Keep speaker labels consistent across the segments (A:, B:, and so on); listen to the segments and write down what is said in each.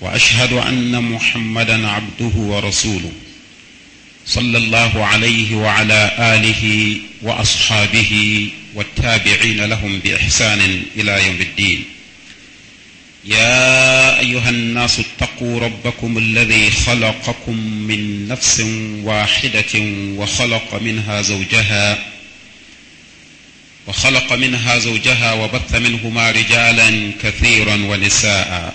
A: واشهد ان محمدا عبده ورسوله صلى الله عليه وعلى اله واصحابه والتابعين لهم باحسان الى يوم الدين يا ايها الناس اتقوا ربكم الذي خلقكم من نفس واحده وخلق منها زوجها وخلق منها زوجها وبث منهما رجالا كثيرا ونساء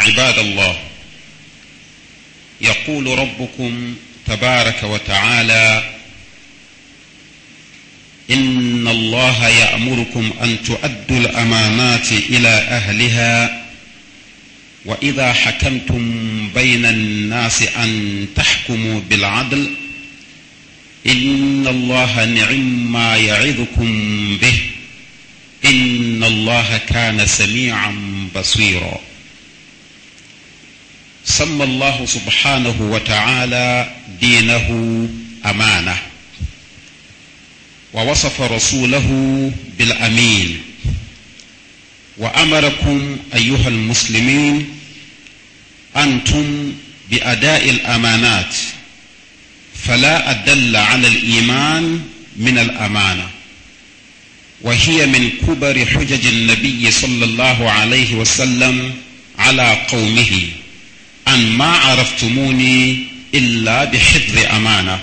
A: عباد الله يقول ربكم تبارك وتعالى إن الله يأمركم أن تؤدوا الأمانات إلى أهلها وإذا حكمتم بين الناس أن تحكموا بالعدل إن الله نعم ما يعظكم به إن الله كان سميعا بصيرا سمى الله سبحانه وتعالى دينه أمانة ووصف رسوله بالأمين وأمركم أيها المسلمين أنتم بأداء الأمانات فلا أدل على الإيمان من الأمانة وهي من كبر حجج النبي صلى الله عليه وسلم على قومه أن ما عرفتموني إلا بحفظ أمانة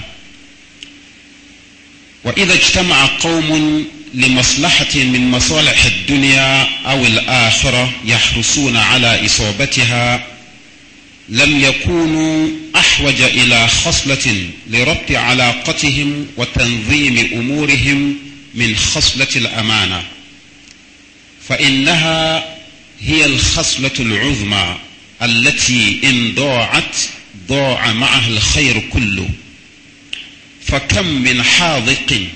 A: وإذا اجتمع قوم لمصلحة من مصالح الدنيا أو الآخرة يحرصون على إصابتها لم يكونوا أحوج إلى خصلة لربط علاقتهم وتنظيم أمورهم من خصلة الأمانة فإنها هي الخصلة العظمى التي إن ضاعت ضاع معها الخير كله فكم من حاذق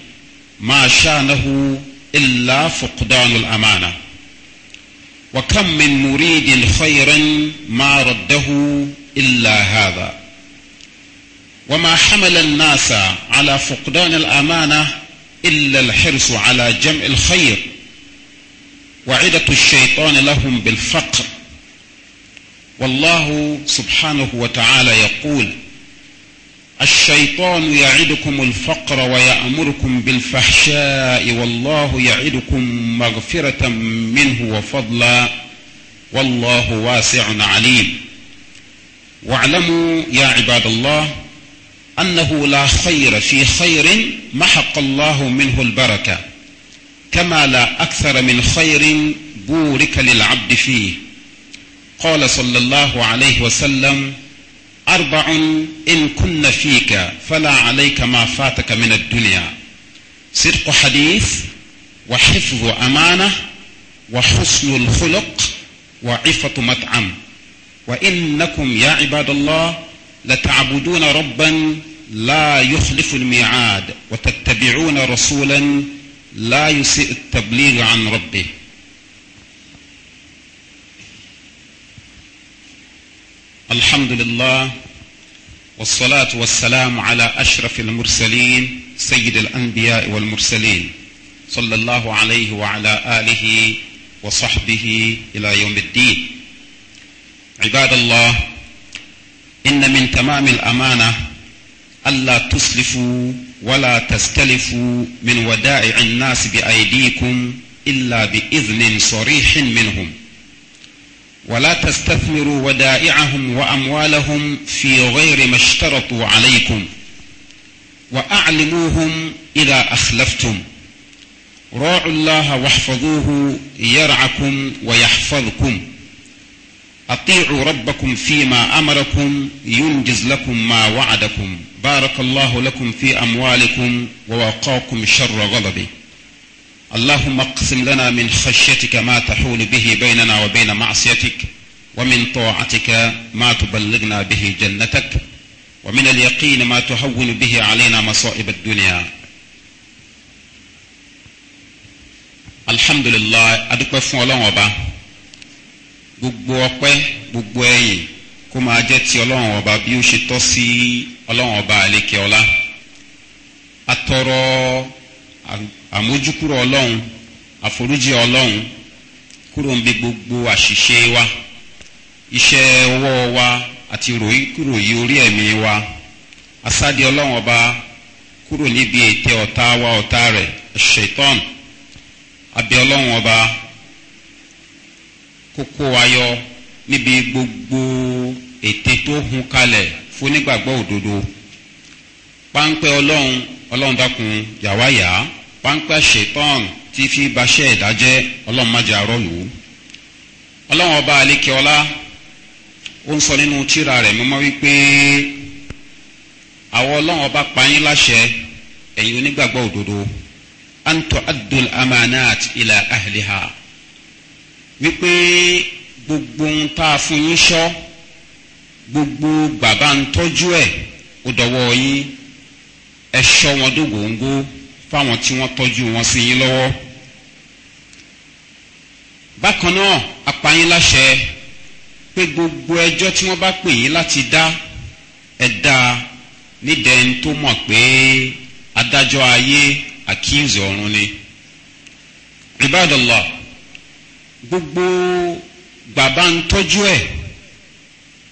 A: ما شانه إلا فقدان الأمانة وكم من مريد خيرا ما رده إلا هذا وما حمل الناس على فقدان الأمانة إلا الحرص على جمع الخير وعدة الشيطان لهم بالفقر والله سبحانه وتعالى يقول الشيطان يعدكم الفقر ويأمركم بالفحشاء والله يعدكم مغفرة منه وفضلا والله واسع عليم واعلموا يا عباد الله أنه لا خير في خير محق الله منه البركة كما لا أكثر من خير بورك للعبد فيه قال صلى الله عليه وسلم أربع إن كن فيك فلا عليك ما فاتك من الدنيا صدق حديث وحفظ أمانة وحسن الخلق وعفة مطعم وإنكم يا عباد الله لتعبدون ربا لا يخلف الميعاد وتتبعون رسولا لا يسيء التبليغ عن ربه الحمد لله والصلاة والسلام على أشرف المرسلين سيد الأنبياء والمرسلين صلى الله عليه وعلى آله وصحبه إلى يوم الدين عباد الله إن من تمام الأمانة ألا تسلفوا ولا تستلفوا من ودائع الناس بأيديكم إلا بإذن صريح منهم ولا تستثمروا ودائعهم وأموالهم في غير ما اشترطوا عليكم وأعلموهم إذا أخلفتم راعوا الله واحفظوه يرعكم ويحفظكم أطيعوا ربكم فيما أمركم ينجز لكم ما وعدكم بارك الله لكم في أموالكم ووقاكم شر غضبه اللهم اقسم لنا من خشيتك ما تحول به بيننا وبين معصيتك ومن طاعتك ما تبلغنا به جنتك ومن اليقين ما تهون به علينا مصائب الدنيا alhamdulilayi adúpẹ́ fún ọlọ́run ọba gbogbo ọpẹ́ gbogbo ẹ̀yìn kó máa jẹ́ ti ọlọ́run ọba bí ó ṣe tọ́ sí ọlọ́run ọba àlékè ọlá atọ́rọ́ àmójúkúrò ọlọ́run àforíjì ọlọ́run kúrò ń bi gbogbo àṣìṣe wa iṣẹ́ ọwọ́ wa àti ròyìnkúrò yìí orí ẹ̀mí wa asáde ọlọ́run ọba kúrò níbi ètè ọ̀tá wa ọ̀tá rẹ̀ ṣetán abẹ ọlọ́run ọba kókó wa yọ níbi gbogbo ètè tó hun kalẹ̀ fún nígbàgbọ́ òdodo páńpẹ́ ọlọ́run ọlọ́run dákun yàwá páńpẹ́ ṣetán tí fi baṣẹ́ ìdájẹ́ ọlọ́run májà rọ́lù ú ọlọ́run ọba alekeọlá ó ń sọ nínú tíra rẹ̀ mọ́mọ́ wípé àwọn ọlọ́run ọba payín láṣẹ ẹ̀yin onígbàgbọ́ òdodo anto adul amanat ila ahliha wípé gbogbo ń tá a fún yín ṣọ́ gbogbo bàbá ń tọ́jú ẹ̀ ó dọ̀wọ́ yín ẹ ṣọ́ wọn dó góńgó fáwọn tí wọ́n tọ́jú wọn sí yín lọ́wọ́. bákan náà apáyín láṣẹ pé gbogbo ẹjọ́ tí wọ́n bá pè yín láti dá ẹ dá nídẹ̀ẹ́n tó mọ̀ pé adájọ́ ayé àkíyèsí ọ̀run ni. ibadallah gbogbo bàbá ń tọ́jú ẹ̀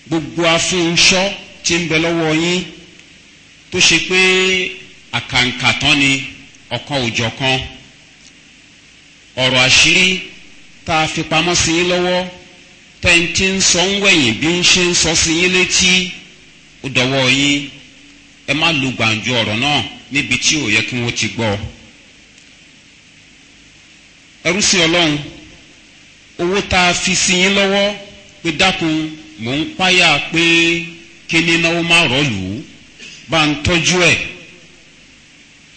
A: gbogbo afínṣọ́ tí ń bẹ lọ́wọ́ yín tó ṣe pé àkàǹkà tán ni ọ̀kan òjọ̀ kan ọ̀rọ̀ àṣírí tá a fi pamọ́ sí yín lọ́wọ́ tẹ́ǹtì ń sọ ń wẹ̀yìn bí ń ṣe ń sọ sí yín létí ó dọ̀wọ́ yín ẹ má lu gbàǹjo ọ̀rọ̀ náà níbi tí ò yẹ kí wọ́n ti gbọ́ ẹrú sí ọlọ́run owó tá a fi sí yín lọ́wọ́ pé dákun mò ń páyà pé kí ni náwó má rọ̀ lù ú bá ń tọ́jú ẹ̀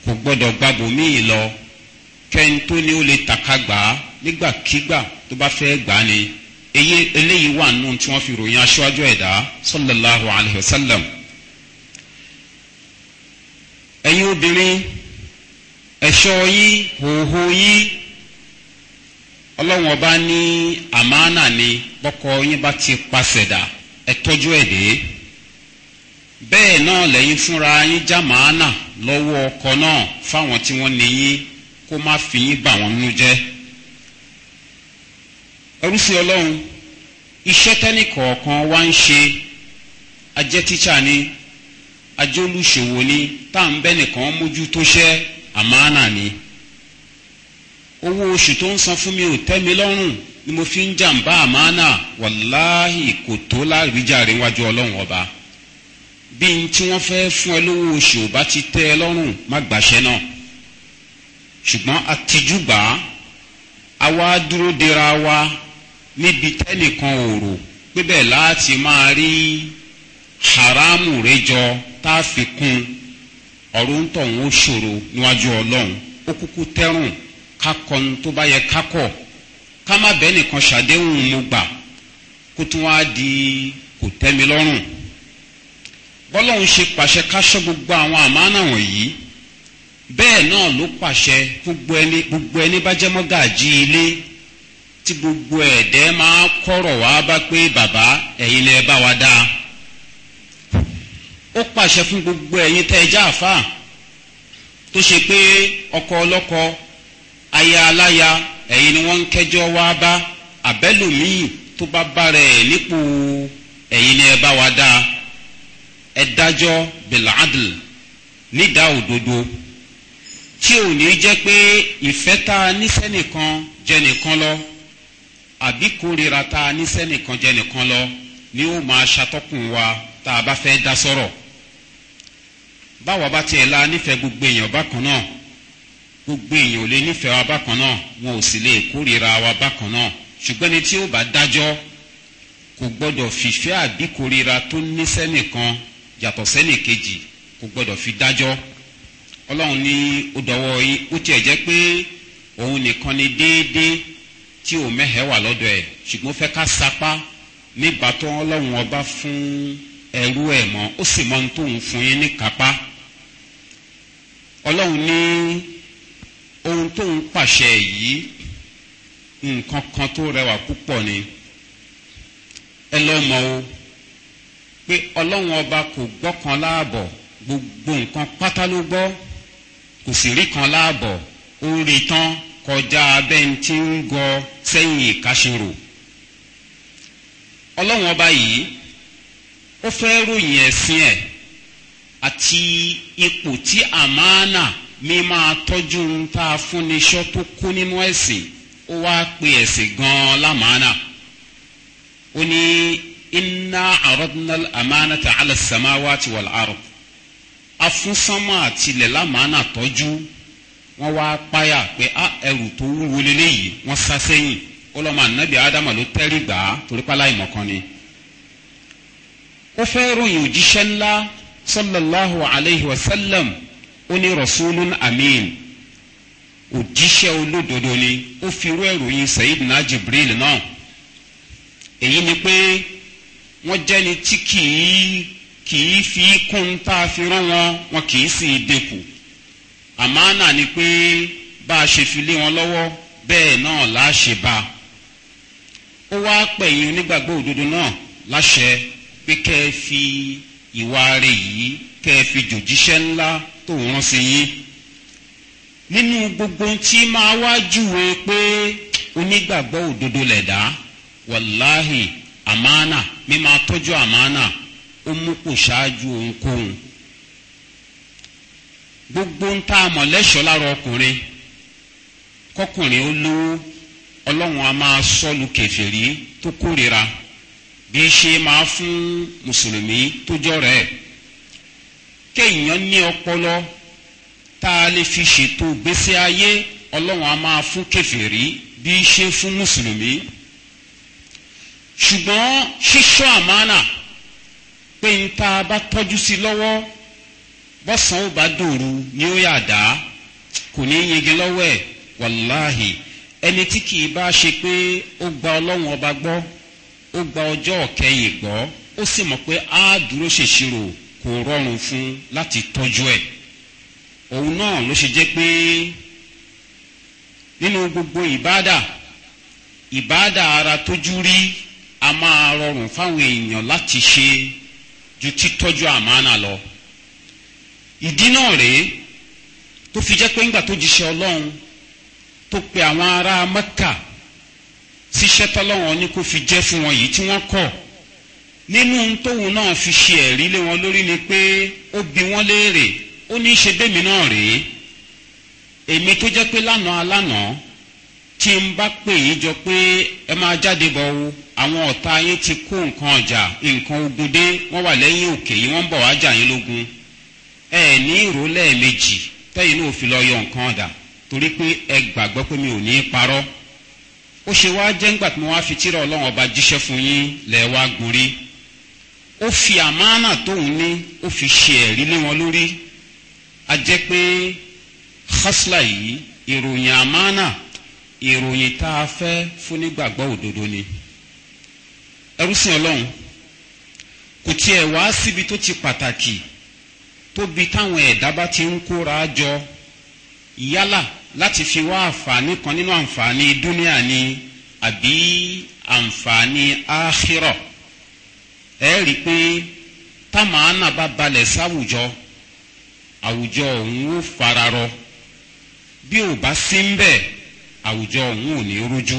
A: kò gbọ́dọ̀ gbàgbọ́ míì lọ kẹ́ni tó ní ó lè tàka gbà á nígbàkigbà tó bá fẹ́ gbà á ni èyí eléyìí wà nù tí wọ́n fi ròyìn aṣáájú ẹ̀dá sallallahu alayhi wa sallam. ẹ̀yin obìnrin ẹ̀ṣọ́ yín hòhò yín ọlọ́wọ́n bá ní àmánà ni bọ́kọ yín bá ti pàṣẹ̀dà ẹ̀tọ́jú ẹ̀dẹ́. bẹ́ẹ̀ náà lẹ́yìn fúnra yín jàmáánà lọ́wọ́ ọkọ náà fáwọn tí wọ́n ní yín kó má fi yín bà wọ́n nú jẹ́. ẹrúsìn ọlọ́run iṣẹ́ tẹ́nì kọ̀ọ̀kan wá ń ṣe ajẹ́ tíṣà ni ajẹ́ olùṣòwò ni tá à ń bẹ́ nìkan mójú tó ṣẹ́ ni. owó oṣù tó ń san fún mi ò tẹ́ mi lọ́rùn ni mo fi ń jàǹbá àmáànà wàláhì kò tó láàrídjà rẹ̀ wájú ọlọ́run ọba. bí n tí wọ́n fẹ́ fún ẹ lówó oṣù ò bá ti tẹ́ ẹ lọ́rùn má gbàṣẹ náà ṣùgbọ́n àtijúbà a wá dúró dira wa níbi tẹ́nìkan ò pé bẹ́ẹ̀ láti máa rí haramu rẹ jọ tá a fi kún ọ̀rọ̀ ń tọ̀ wọ́n ṣòro níwájú ọlọ́run ó kúkú tẹ́rùn kákọ́ ní tó bá yẹ kákọ́ ká má bẹ́ẹ̀ nìkan ṣàdéhùn mo gbà kó tún wá di kò tẹ́ mi lọ́rùn bọ́lọ́run ṣe pàṣẹ káṣọ́ gbogbo àwọn àmánà wọ̀nyí bẹ́ẹ̀ náà ló pàṣẹ gbogbo ẹni gbogbo ẹni bá jẹ́ mọ́gàjí ilé tí gbogbo ẹ̀dẹ́ máa kọ̀rọ̀ wá bá pé bàbá ẹ̀yin lẹ bá wa dáa ó pàṣẹ fún gbogbo ẹ̀yin tẹ́ ẹ já àfà tó ṣe pé ọkọ ọlọ́kọ aya aláya ẹ̀yin ni wọ́n ń kẹjọ́ wá bá àbẹ́lòmíì tó bá bá rẹ̀ nípò ẹ̀yin lẹ bá wa dáa ẹ dájọ́ bilaadl nídàá òdodo tí ò ní jẹ́ pé ìfẹ́ tá a níṣẹ́ nìkan jẹ́ nìkan lọ àbí kórìíra tá a níṣẹ́ nìkan jẹ́ nìkan lọ ni ó máa ṣàtọ́kùn wa tá a bá fẹ́ dá sọ̀rọ̀ báwa bá tiẹ̀ la nífẹ̀ẹ́ gbogbo èèyàn bákan náà gbogbo èèyàn ò lè nífẹ̀ẹ́ wa bákan náà wọn ò sì lè kórìíra wa bákan náà ṣùgbọ́n ni tí ó bá dájọ́ kò gbọ́dọ̀ fìfẹ́ àbí kórìíra tó níṣẹ́ nìkan yàtọ̀ sẹ́nì kejì kò gbọ́dọ̀ fi dájọ́ ọlọ́run ní ó dọwọ́ yín ó tiẹ̀ jẹ́ pé òun nìkan ni déédéé tí ò mẹ́hẹ̀ẹ́ wà lọ́dọ̀ ẹ̀ ṣùgbọ́n fẹ́ ká sapá nígbà tó ọlọ́run ọba fún ẹrú ẹ̀ mọ́ ó sì mọ ohun tóun fún yín ní kápá ọlọ́run ní ohun tóun pàṣẹ yìí nǹkan kan tó rẹwà púpọ̀ ni ẹ lọ́ mọ o pé ọlọ́run ọba kò gbọ́ kan láàbọ̀ gbogbo nǹkan pátá ló gbọ́ kò sì rí kan láàbọ̀ ó rí tán kọjá abẹ́ni tí ń gọ sẹ́yìn ìkáṣirò ọlọ́run ọba yìí ó fẹ́ ròyìn ẹ̀sìn ẹ̀ àti ipò tí àmánà mi máa tọ́jú ń ta fúnniṣọ́ tó kú nínú ẹ̀sìn ó wá pe ẹ̀sìn gan-an lámánà ó ní inna aradnal amanata ala samawati wal ard afunsánmọ́ àtilẹ̀ lámàánà tọ́jú wọ́n wá páyà pé á ẹrù tó wúwo leléyìí wọ́n sá sẹ́yìn ó lọ́ máa nábì ádámà ló tẹ́rì gbà á torí pálá ìmọ̀kan ni. ó fẹ́ ròyìn òjíṣẹ́ ńlá sallallahu alayhi wa sallam ó rasulun amin òjíṣẹ́ olódodo ni ó fi irú ẹ̀ròyìn sayidina jibril náà èyí ni pé wọ́n jẹ́ni tí kìí kìí fi kún tá a fi rán wọn wọn kìí sì dínkù àmánà ni pé bá a ṣe fi lé wọn lọ́wọ́ bẹ́ẹ̀ náà là á ṣe bá a ó wá pẹ̀yìn onígbàgbọ́ òdodo náà láṣẹ pé kẹ́ ẹ fi ìwà rẹ̀ yìí kẹ́ ẹ fi jòjíṣẹ́ ńlá tó rán sí yín nínú gbogbo tí máa wá júwe pé onígbàgbọ́ òdodo lẹ̀dá wàláhì àmánà mímọ atọ́jú àmánà ó mú kò ṣáájú ohunkóhun gbogbo ń tá a mọ̀ lẹ́ṣọ̀ọ́ lára ọkùnrin kọkùnrin ó lówó ọlọ́run a máa sọ́lu kẹfẹ́rí tó kórira bí ṣe máa fún mùsùlùmí tó jọ̀rọ̀ ẹ̀ kéèyàn ní ọpọlọ tá a lè fi ṣètò gbèsè ayé ọlọ́run a máa fún kẹfẹ́rí bí ṣe fún mùsùlùmí ṣùgbọ́n ṣíṣọ́ àmánà pé n ta bá tọ́jú sí lọ́wọ́ bọ́sàn ó bá dòru ni ó yà dá kò ní yege lọ́wọ́ ẹ̀ wàláhì ẹni tí kì í bá ṣe pé ó gba ọlọ́run ọba gbọ́ ó gba ọjọ́ ọ̀kẹyìn gbọ́ ó sì mọ̀ pé á dúró ṣèṣirò kò rọrùn fún láti tọ́jú ẹ̀ òun náà ló ṣe jẹ́ pé nínú gbogbo ìbáàdà ìbáàdà ara tójú rí a máa rọrùn fáwọn èèyàn láti ṣe ju títọ́jú àmánà lọ ìdí náà rèé tó fi jẹ́ pé ńgbà tó jíṣẹ́ ọlọ́run tó pe àwọn ará mẹ́kà síṣẹ́ tọ́lọ́wọ́n ni kò fi jẹ́ fún wọn yìí tí wọ́n kọ̀ nínú tóun náà fi ṣe ẹ̀rí lé wọn lórí ni pé ó bi wọ́n léèrè ó ní í ṣe bẹ́mi náà rèé èmi tó jẹ́ pé lánàá alánàá tí n bá pè yín jọ pé ẹ máa jáde bọ̀ wo àwọn ọ̀tá yín ti kó nǹkan ọjà nǹkan ogun dé wọ́n wà lẹ́yìn òkè yìí wọ́n ń bọ̀ wá jà yín lógun ẹ ní ìró lẹ́ẹ̀mejì tẹ́yìn náà fi lọ yọ nǹkan ọ̀dà torí pé ẹ gbàgbọ́ pé mi ò ní í parọ́ ó ṣe wá jẹ́ ńgbà tí mo wá fi tíra ọlọ́run ọba jíṣẹ́ fún yín lẹ̀ wá gorí ó fi àmánà tóun ní ó fi ṣe ẹ̀rí lé wọn lórí a jẹ́ pé hasla yìí ìròyìn àmánà ìròyìn tá a fẹ́ fún nígbàgbọ́ òdodo ni ẹrú sìn ọlọ́run kò tiẹ̀ wá síbi tó ti pàtàkì tóbi táwọn ẹ̀dá bá ti ń kóra jọ yálà láti fi wá àǹfààní kan nínú àǹfààní dúníà ni àbí àǹfààní àwùjọ òun ò ní rújú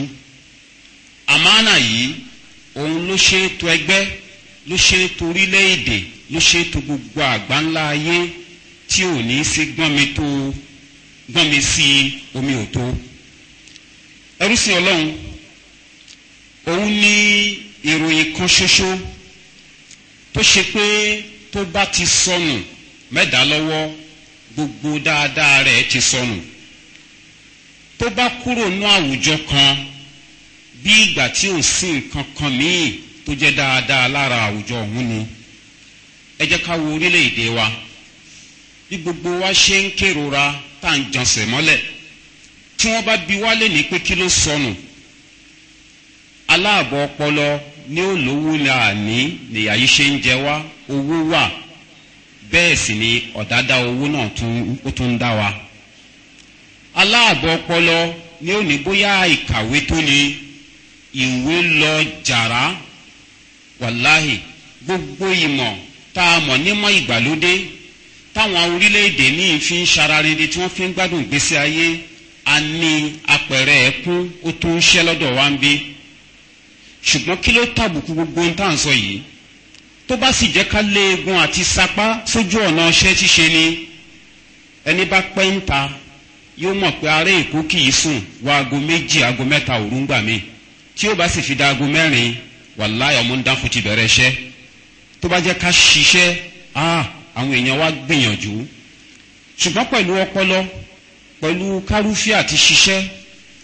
A: àmánà yìí òun ló ṣe é to ẹgbẹ́ ló ṣe é to orílẹ̀-èdè ló ṣe é to gbogbo àgbáńlá ayé tí ò ní í sí gbọ́nmi tó gbọ́nmi sí omi ò tó ẹrú sí ọlọ́run òun ní ìròyìn kan ṣoṣo tó ṣe pé tó bá ti sọnù mẹ́dàá lọ́wọ́ gbogbo dáadáa rẹ̀ ti sọnù. So tó bá kúrò nú àwùjọ kan bí ìgbà tí ò sí nǹkan kan míì tó jẹ́ dáadáa lára àwùjọ ọ̀hún ni ẹ jẹ́ ká wo orílẹ̀-èdè wa bí gbogbo wa ṣe ń kérora tá à ń jansẹ̀ mọ́lẹ̀ tí wọ́n bá bi wá lè ní pé kí ló sọnù aláàbọ̀ ọpọlọ ní olówó là ní nìyà yìí ṣe ń jẹ wá owó wà bẹ́ẹ̀ sì ni ọ̀dádá owó náà ó tún ń dá wa aláàbọ̀ ọpọlọ ní òní bóyá ìkàwé tó ni ìwé lọ jàrá wàláhì gbogbo ìmọ̀ tá a mọ̀ nímọ̀ ìgbàlódé táwọn orílẹ̀-èdè míì fi ń ṣara rere tí wọ́n fi ń gbádùn ìgbésí ayé a ní apẹ̀rẹ̀ ẹ̀kún ó tó ń ṣẹ́ lọ́dọ̀ wa ń bí ṣùgbọ́n kí ló tàbùkù gbogbo ohun tá à ń sọ yìí tó bá sì jẹ́ ká lé egun àti sapá sójú ọ̀nà ọṣẹ́ ṣíṣe ni ẹni bá pẹ́ ń ta yóò mọ̀ pé ará èkó kì í sùn wá aago méjì aago mẹ́ta òru ń gbà mí tí ó bá sì fi da aago mẹ́rin wàláyà ọmọ ń dákun ti bẹ̀rẹ̀ iṣẹ́ tó bá jẹ́ ká ṣiṣẹ́ àwọn èèyàn wá gbìyànjú ṣùgbọ́n pẹ̀lú ọpọlọ pẹ̀lú kárúfì àti ṣiṣẹ́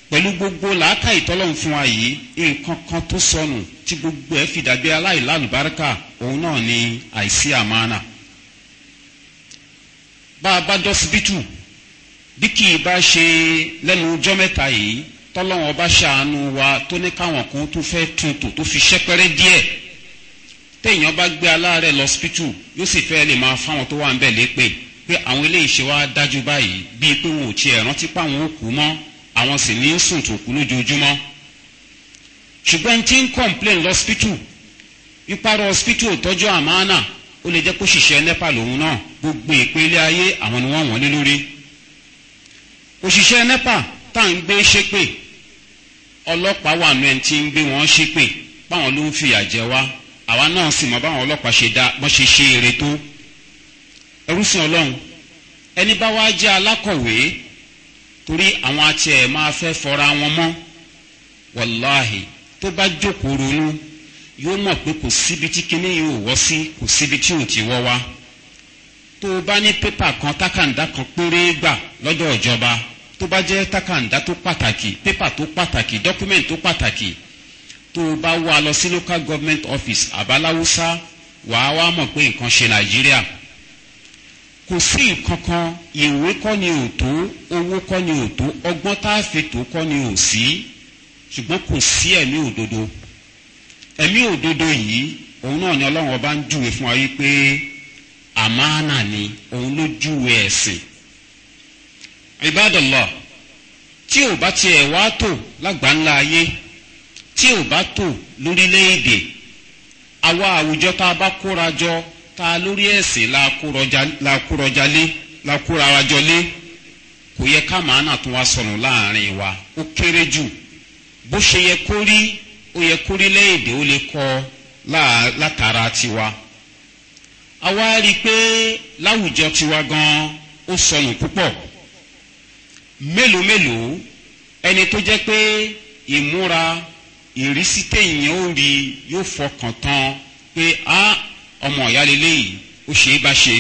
A: pẹ̀lú gbogbo làákà ìtọ́lọ́hún fún wa yìí nǹkan kan tó sọnù tí gbogbo ẹ̀ fi dàbí aláìlálùbáríkà òun náà ni àìsí àmàna bá a bá dọ́sibítù bí kì í bá ṣe lẹ́nu ọjọ́ mẹ́ta yìí tọ́lọ́wọ́n bá ṣàánú wa tó ní káwọn kan tó fẹ́ tún tò tó fi ṣẹ́pẹ́rẹ́ díẹ̀ téèyàn bá gbé aláàárẹ̀ lọ sípítù yóò sì fẹ́ lè máa fáwọn tó wà ń bẹ̀ lépè pé àwọn eléyìí ṣe wá dájú báyìí bíi pé wọn ò tiẹ̀ rántí páwọn ó mọ́ àwọn sì ní sùn tó kú lójoojúmọ́ ṣùgbọ́n tí ń complain lọ sípítù ìparọ́ sípítù òtọ́jú àmàánà ó lè jẹ́ kó ṣiṣẹ́ nẹ́pà lòun náà gbogbo ìpínlẹ̀ ayé àwọn ni wọ́n wọ́n lé lórí òṣìṣẹ́ nepa tá à ń gbé ṣépè ọlọ́pàá wà nù ẹni tí ń gbé wọn ṣépè báwọn ló ń fìyà jẹ wá àwa náà sì mọ báwọn ọlọ́pàá ṣe dá bọ́n ṣe ṣe eré tó ẹrúsìn ọlọ́run ẹni bá wá jẹ́ alákọ̀wé torí àwọn àti ẹ̀ máa fẹ́ fọra wọn mọ́ wàláhì tó bá jókòó ronú yóò mọ̀ pé kò síbi tí kinní yìí ò wọ́ sí kò síbi tí ò ti wọ́ wá tó o bá ní pépà kan tákàndá kan péré gbà lọ́dọ̀ ìjọba tó bá jẹ́ takàndá tó pàtàkì pépà tó pàtàkì dọ́kúmẹ̀ntì tó pàtàkì tó bá wá lọ sí local government office àbáláwúsá wàá wá mọ̀ pé nǹkan ṣe nàìjíríà kò sí nǹkan kan ìwé kọ́ ni ò tó owó kọ́ ni ò tó ọgbọ́n tá a fi tó kọ́ ni ò sí ṣùgbọ́n kò sí ẹ̀mí òdodo ẹ̀mí òdodo yìí òun náà ni ọlọ́run ọba ń júwe fún wa yìí pé àmàna ni òun ló júwe ẹ̀sìn ibadallah tí ò bá tiẹ̀ wá tò lágbàńlá ayé tí ò bá tò lórílẹ̀‐èdè àwa àwùjọ tá a bá kóra jọ tá a lórí ẹ̀sìn la kórọjà lé la kóra ara jọ lé kò yẹ ká màá nà tún wá sọnù láàrin wa ó kéré jù bó ṣe yẹ kó rí ó yẹ kó rílẹ̀‐èdè ó lè kọ́ látara tiwa àwa rí i pé láwùjọ tiwa gan ó sọnù púpọ̀ mélòó mélòó ẹni tó jẹ́ pé ìmúra ìrísí téèyàn ó rí yóò fọkàn tán pé á ọmọ ìyá lélẹ́yìí ó ṣe é bá ṣe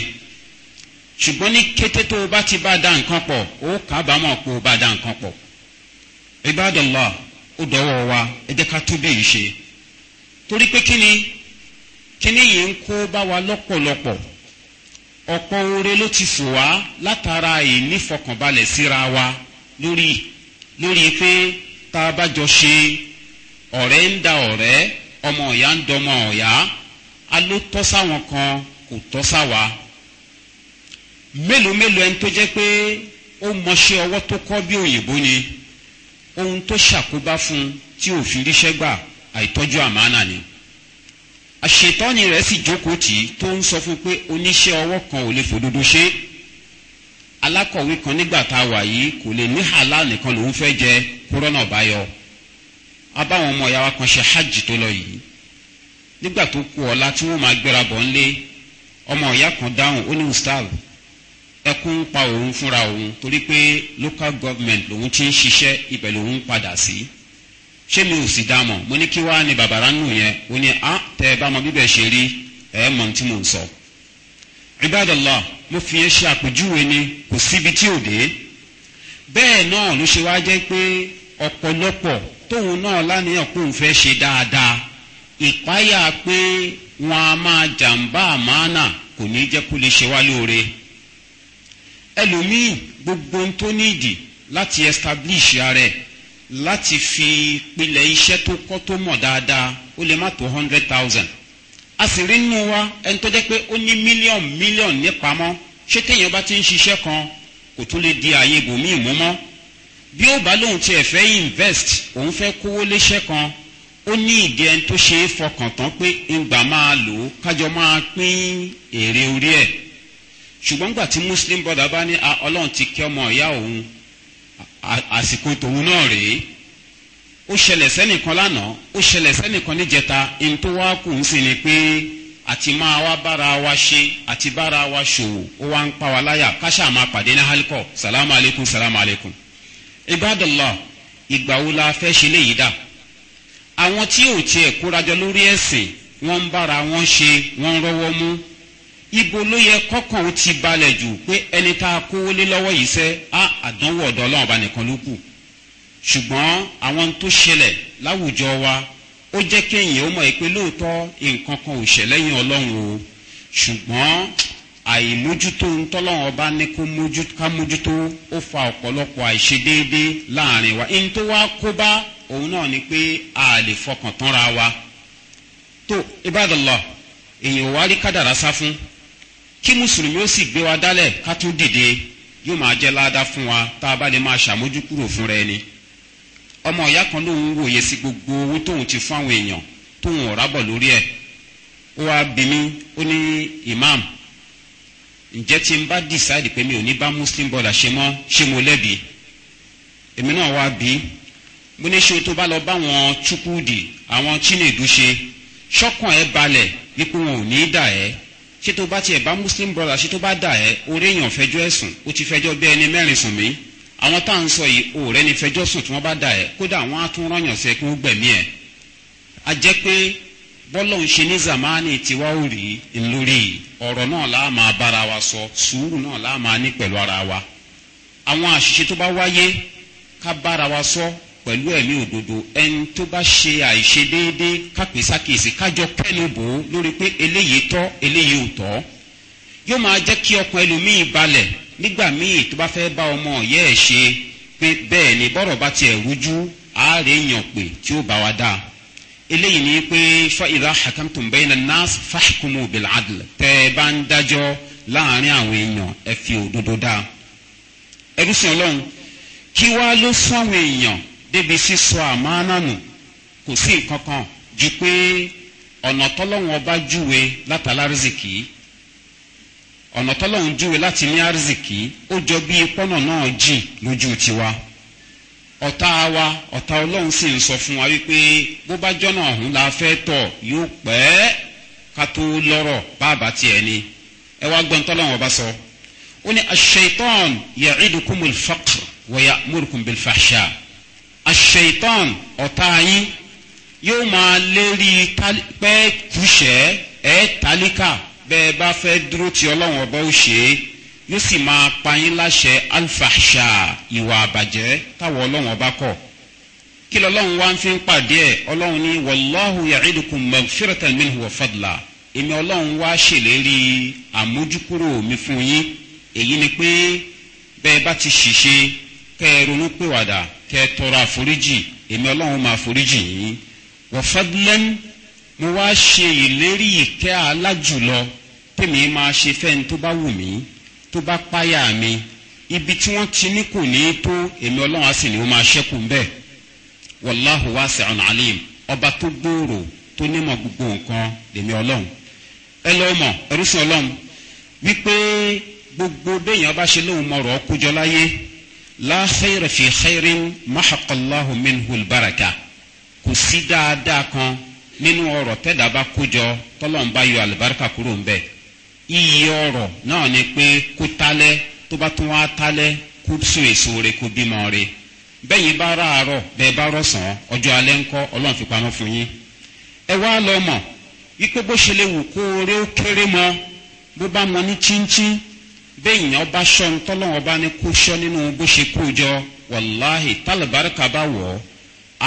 A: ṣùgbọ́n ní kété tó o bá ti bá da nǹkan pọ̀ ó kábàámọ̀ pé o bá da nǹkan pọ̀ ibadala ó dọwọ́ wa ẹ jẹ́ ká tó bẹ́ẹ̀ ṣe torí pé kíni kíni yìí ń kó bá wa lọ́pọ̀lọpọ̀ ọ̀pọ̀ oore ló ti fò wá látara ìnífọkànbalẹ̀ síra wa lórí lórí pé tá a bá jọ ṣe ọ̀rẹ́ ń da ọ̀rẹ́ ọmọ ọ̀yá ń dọmọ ọ̀yá a ló tọ́ sáwọn kan kò tọ́ sáwa mélòó mélòó ẹni tó jẹ́ pé ó mọṣẹ́ ọwọ́ tó kọ́ bí òyìnbó ni ohun tó ṣàkóbá fún un tí òfin ríṣẹ́ gbà àìtọ́jú àmánà ni àṣetọ́ni rẹ̀ sì jókòó tì í tó ń sọ fún pé oníṣẹ́ ọwọ́ kan ò lè fòdodo ṣe alákọ̀wé kan nígbà tá a wà yìí kò lè ní hàlá nìkan lòún fẹ́ jẹ kúrọ́nà báyọ̀ abáwọn ọmọ ìyá wa kan ṣe hajj tó lọ yìí nígbà tó kú ọ̀la tí wọ́n máa gbéra bọ̀ ńlé ọmọ ìyá kan dáhùn ó ní ustaz ẹkún ń pa òun fúnra òun torí pé local government lòun ti ń ṣiṣẹ́ ibẹ̀ lòun padà sí. Si ṣé mi ò sì dá mọ̀ mo ní kí wá ní bàbàrà nù yẹn ó ní à ah, tẹ ẹ bá mọ bíbẹ̀ ṣe rí ẹ mọ̀ tí mò ń sọ. ibadala mo fi yẹn ṣe àpèjúwe ni kò síbi tí ò dé bẹ́ẹ̀ náà ló ṣe wá jẹ́ pé ọ̀pọ̀lọpọ̀ tóun náà lánìyàn kó òun fẹ́ ṣe dáadáa ìpáyà pé wọn a máa jàǹbá àmàna kò ní jẹ́ kó lè ṣe wá lóore ẹlòmíì gbogbo ohun tó nídìí láti establish ara ẹ̀ láti fi pilẹ̀ iṣẹ́ tó kọ́ tó mọ̀ dáadáa ó lè má tó hundred thousand a sì rí nínú wa ẹni tó jẹ́ pé ó ní mílíọ̀nù mílíọ̀nù nípamọ́ ṣé téèyàn bá ti ń ṣiṣẹ́ kan kò tún lè di ààyè ibòmíì mú mọ́ bí ó bá lóun tiẹ̀ fẹ́ invest òun fẹ́ kówó léṣẹ́ kan ó ní ìdí ẹni tó ṣe é fọkàn tán pé ngbà máa lò ó kájọ máa pín èrè orí ẹ̀ ṣùgbọ́n gbà tí muslim brother bá ní ah, ọlọ́run ti kẹ́ ọmọ ìyá òun àsìkò tòun náà rèé ó ṣẹlẹ̀ sẹ́nìkan lánàá ó ṣẹlẹ̀ sẹ́nìkan níjẹta ẹni tó wá kù ń sìn ni pé àti máa wá bára wa ṣe àti bára wa ṣòwò ó wá ń pa wá láyà káṣá máa pàdé ní halikọ salamu aleykum salamu aleykum ibadallah ìgbà wo la fẹ́ ṣe léyìí dà àwọn tí ò tiẹ̀ kórajọ lórí ẹ̀sìn wọ́n ń bára wọn ṣe wọ́n rọ́wọ́ mú ibo ló yẹ kọ́kàn ó ti balẹ̀ jù pé ẹni tá a kówó lé lọ́wọ́ yìí sẹ́ á àdánwò ọ̀dọ́ ọlọ́run ọba nìkan ló kù ṣùgbọ́n àwọn tó ṣẹlẹ̀ láwùjọ wa ó jẹ́ kéèyàn ó mọ̀ pé lóòótọ́ nǹkan kan ò ṣẹ̀ lẹ́yìn ọlọ́run o ṣùgbọ́n àìmójútó ń ọba ní ká mójútó ó fa ọ̀pọ̀lọpọ̀ àìṣedéédé láàrin wa ẹni tó wá kó bá òun náà ni pé a lè fọkàn tán ra wa tó ibàdàn lọ èèyàn wá rí kádàrá sá fún kí mùsùlùmí ó sì gbé wa dálẹ̀ ká tún dìde yóò máa jẹ́ ládàá fún wa tá a bá lè máa ṣàmójúkúrò fún rẹ ni ọmọ ìyá kan lòun wòye sí gbogbo owó tóun ti fún àwọn èèyàn tóun ọ̀rá bọ̀ lórí ẹ̀ ó wá bí mi ó ní imam ǹjẹ́ tí n bá dìsáìdì pé mi ò ní bá muslim brother ṣe mọ́ ṣé mo lẹ́bi èmi náà wá bí mo ní ṣe tó bá lọ báwọn chukwudi àwọn chinedu ṣe ṣọ́kàn ẹ̀ balẹ̀ wípé wọn ò ní í dà ẹ́ ṣé tó bá tiẹ̀ bá muslim brother ṣé tó bá dà ẹ́ orí èèyàn fẹjọ́ ẹ̀sùn ó ti fẹjọ́ bẹ́ẹ̀ ni mẹ́rin sùn mí àwọn tá à ń sọ yìí òòrẹ́ ni fẹjọ́ sùn tí wọ́n bá dà ẹ́ kódà wọ́n á tún rányàn sẹ́ kí wọ́n gbẹ̀mí ẹ̀ a jẹ́ pé bọ́lọ̀ ń ṣe ní zamani tiwa ò rí lórí ọ̀rọ̀ náà láà bára wa sọ sùúrù náà láà ní pẹ̀lú ara wa àwọn àṣìṣe tó bá wáyé ká bára wa sọ pẹ̀lú ẹ̀mí òdodo ẹni tó bá ṣe àìṣe déédéé kápẹ́ sákèsì kájọ kẹ́nu bò ó lórí pé eléyìí tọ́ eléyìí ò tọ́ yóò máa jẹ́ kí ọkàn ẹlòmíì balẹ̀ nígbà míì tó bá fẹ́ bá ọmọ ọ̀yẹ́ ẹ̀ ṣe pé bẹ́ẹ̀ ni bọ́rọ̀ bá tiẹ̀ rújú àárẹ̀ èèyàn pè tí ó bá wa dáa eléyìí ni pé fa'idà hakamtum bẹ́ẹ̀ni nas fahkumu bil'adl tẹ́ ẹ bá ń dájọ́ láàrin àwọn èèyàn ẹ fi òdodo dáa ẹrú sí ọlọ́run kí wá ló fún àwọn èèyàn débi sísọ àmánà nù kò sí nǹkan kan ju pé ọ̀nà tọ́lọ́hún ọba júwe látàlá rìzìkì ọ̀nà tọ́lọ́hún júwe láti ní àrìzìkì ó jọ bí pọ́nà náà jì lójú tiwa ọ̀tá wa ọ̀tá ọlọ́run sì ń sọ fún wa wípé bó bá jọ́nà ọ̀hún la fẹ́ tọ̀ yóò pẹ́ ká tó lọ́rọ̀ báàbá tiẹ̀ ni ẹ wá gbọ́n tọ́lọ́hún ọba sọ ó ní aṣeitan yẹ ìdúkùmùl fàkr wọ̀yà múrùkùmùl fàṣà aṣeitan ọ̀tá yín yóò máa lérí pẹ́ kùṣẹ́ ẹ̀ tálíkà bẹ́ẹ̀ bá fẹ́ dúró ti ọlọ́run ọba ó ṣe é yóò sì máa pa yín láṣẹ alfàṣà ìwà àbàjẹ́ táwọn ọlọ́run ọba kọ̀ kí lọ́lọ́run wá fi ń pàdé ẹ̀ ọlọ́run ní wàláhù yacidukum magfiratan minhu wa fadla èmi ọlọ́run wá ṣèlérí àmójúkúrò mi fún yín èyí ni pé bẹ́ẹ̀ bá ti ṣìṣe kẹ́ ẹ ronú pèwàdà kẹ́ ẹ tọrọ àforíjì èmi ọlọ́run máa foríjì yín wọ́n fadlan mo wá ṣe ìlérí ìkẹ́ alájùlọ tèmi máa ṣe fẹ́ni tó bá wù mí tó bá páyà mi ibi tí wọ́n ti ní kò ní tó èmi ọlọ́run á sì ní ó máa ṣẹ́kù bẹ́ẹ̀ wàláhù wá sẹ̀rọ̀nà alim ọba tó gbòòrò tó nímọ̀ gbogbo nǹkan lèmi ọlọ́run ẹ lọ́ mọ̀ ẹrú sí ọlọ́run wípé gbogbo béèyàn bá ṣe lóun mọ̀rọ̀ ọkójọ láyé la khayra fi khayrin mahaqallahu minhu albaraka kò sí dáadáa kan nínú ọ̀rọ̀ tẹ́dàbá kójọ tọ́lọ́mùbá yọ àlùbáríkà kúrò ń bẹ̀. iyì ọ̀rọ̀ náà ni pé kó talẹ́ tó bá tún wá talẹ́ kó so èso rẹ̀ kó bímọ rẹ̀. bẹ́yìn bá ráàárọ̀ bẹ́ẹ̀ bá rọ̀sán ọjọ́ alẹ́ ń kọ́ ọlọ́run fi pamọ́ fún yín. ẹ wá lọ mọ̀ wípé bó ṣe lè wù kó oore ó kéré mọ bó bá mọ ní chíńchín béèyàn bá ṣọ́ ń tọ́lọ́wọ́n bá ní kó ṣọ́ nínú bó ṣe kó jọ wàláhì tálùbáríkà bá wọ̀ ọ́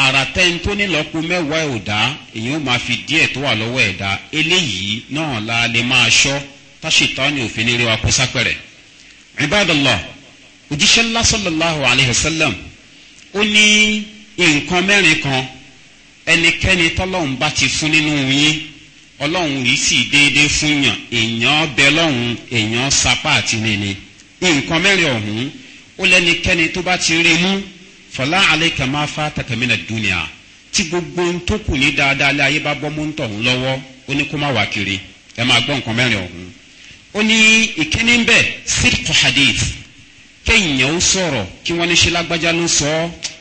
A: ara tẹ́ni tó ní lọ́pọ̀ mẹ́wàá ò dá èyàn máa fi díẹ̀ tó wà lọ́wọ́ ẹ̀ eléyìí náà la lè máa ṣọ́ táṣìtọ́ ni òfin eré wa kó sápẹ̀rẹ̀. ibadallah òjíṣẹ́ ńlá sọ́lọ́láhu sallam ó ní nǹkan mẹ́rin kan ẹnikẹ́ni tọ́lọ́run bá ti fún nínú yín ọlọ́run yìí sì déédéé fún yàn èèyàn bẹ lọ́hùn èèyàn sapá àti nìní nǹkan mẹ́rin ọ̀hún ó lẹ́nikẹ́ni tó bá ti rí mú fọlá àlẹ́kà máa fa tàkàmínà dúnìá tí gbogbo ń tó kù ní dáadáa lé ayé bá bọ́ mú ń tọ̀hún lọ́wọ́ ó ní kó má wá kiri ẹ máa gbọ́ nǹkan mẹ́rin ọ̀hún ó ní ìkíní ń bẹ̀ sídìkù hadith kéèyàn ó sọ̀rọ̀ kí wọ́n ní ṣe lágbájá ló sọ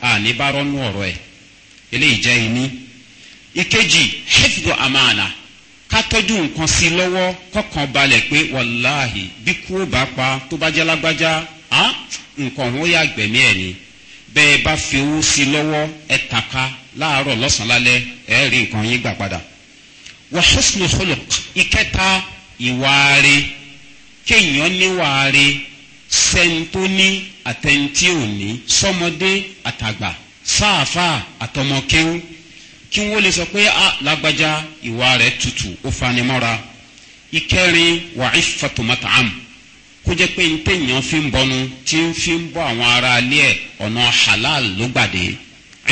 A: ọ́ àníbárọ́nú ọ̀rọ̀ ẹ̀ eléyìí jẹ́ ìní ìkejì hefgo amana ká tọ́jú nǹkan sí i lọ́wọ́ kọ́kàn balẹ̀ pé wàláhì bí kú ó bá pa tó bá jẹ́ lágbájá nǹkan òun ó yà gbẹ̀mí ẹ̀ ni bẹ́ẹ̀ bá fi owó sí i lọ́wọ́ ẹ tàka láàárọ̀ lọ́sàn-án lálẹ́ ẹ rí nǹkan yín gbà padà. ìkẹta kéèyàn sẹ́ńtóní kí wọ́n lè sọ pé a ah, lágbájá ìwà rẹ̀ tutù ó fanimọ́ra ìkẹrin wà á fàtòmátà am kó jẹ́ pé ntẹ̀yàn fi ń bọnu tí ń fi ń bọ́ àwọn ará alẹ́ ẹ̀ ọ̀nà halal ló gbàdé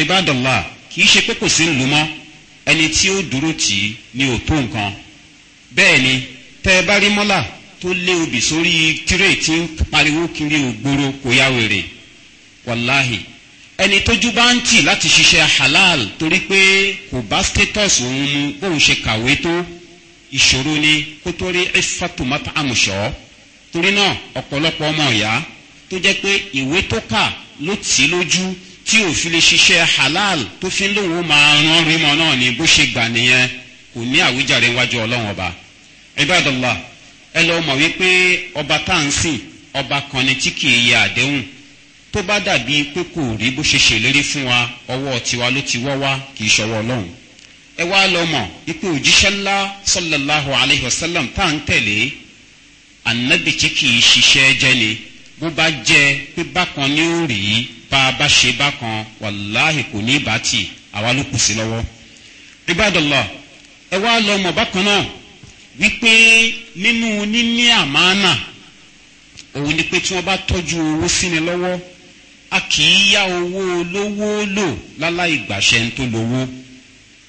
A: ibadala kì í ṣe pé kò sí ń lu mọ́ ẹni tí ó dúró tì í ni ò tó nǹkan bẹ́ẹ̀ ni tẹ́ ẹ bá rí mọ́là tó lé obì sórí tirẹ̀ tí ń pariwo kiri ògbóró kò yá wèrè wàláhì ẹni tójú bá ń tì láti ṣiṣẹ́ halal torí pé kò bá status òun mu bóun ṣe kàwé tó ìṣòro ni kó tó rí ifatu mata amusọ torí náà ọ̀pọ̀lọpọ̀ ọmọ ọ̀yá tó jẹ́ pé ìwé tó kà ló tì lójú tí òfin lè ṣiṣẹ́ halal tó fi ń lòun máa rán rímọ náà ni bó ṣe gbà nìyẹn kò ní àwíjàre wájú ọlọ́run ọba ibadallah ẹ lọ́ọ́ mọ̀ wípé ọba tá à ń sìn ọba kan ni tí kì í yẹ àdéhùn tó bá dàbí pé kò rí bó ṣe ṣèlérí fún wa ọwọ́ tiwa ló ti wọ́ wá kì í ṣọwọ́ ọlọ́run ẹ wá lọ mọ̀ ipò òjíṣẹ́ ńlá sọ́láláhu alayhi wa sallam tá à ń tẹ̀lé ànábì tí kì í ṣiṣẹ́ jẹ́ ni bó bá jẹ́ pé bákan ní ó rí bá a bá ṣe bákan wàláhì kò ní ìbá tì àwa ló kù sí lọ́wọ́ ibadala ẹ wá lọ mọ̀ bákan náà wípé nínú níní àmánà òun ni pé tí wọ́n bá tọ́jú owó sí lọ́wọ́ a kì í yá owó olówó lò láláì gbàṣẹ tó lówó